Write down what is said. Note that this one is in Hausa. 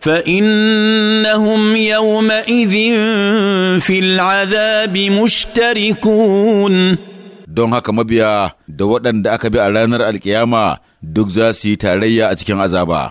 فانهم يومئذ في العذاب مشتركون don haka mabiya da waɗanda aka bi a ranar alkiyama duk za su yi tarayya a cikin azaba.